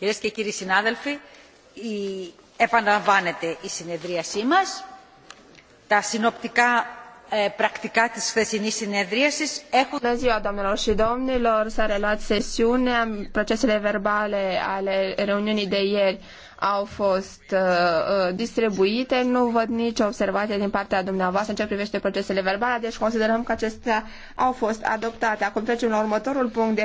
Κυρίες και κύριοι συνάδελφοι, η... επαναλαμβάνεται η συνεδρίασή μας. Τα συνοπτικά practica της χθεσινής συνεδρίασης έχουν... Bună ziua, doamnelor și domnilor! S-a reluat sesiunea. Procesele verbale ale reuniunii de ieri au fost uh, uh, distribuite. Nu văd nicio observație din partea dumneavoastră în ce privește procesele verbale, deci considerăm că acestea au fost adoptate. Acum trecem la următorul punct de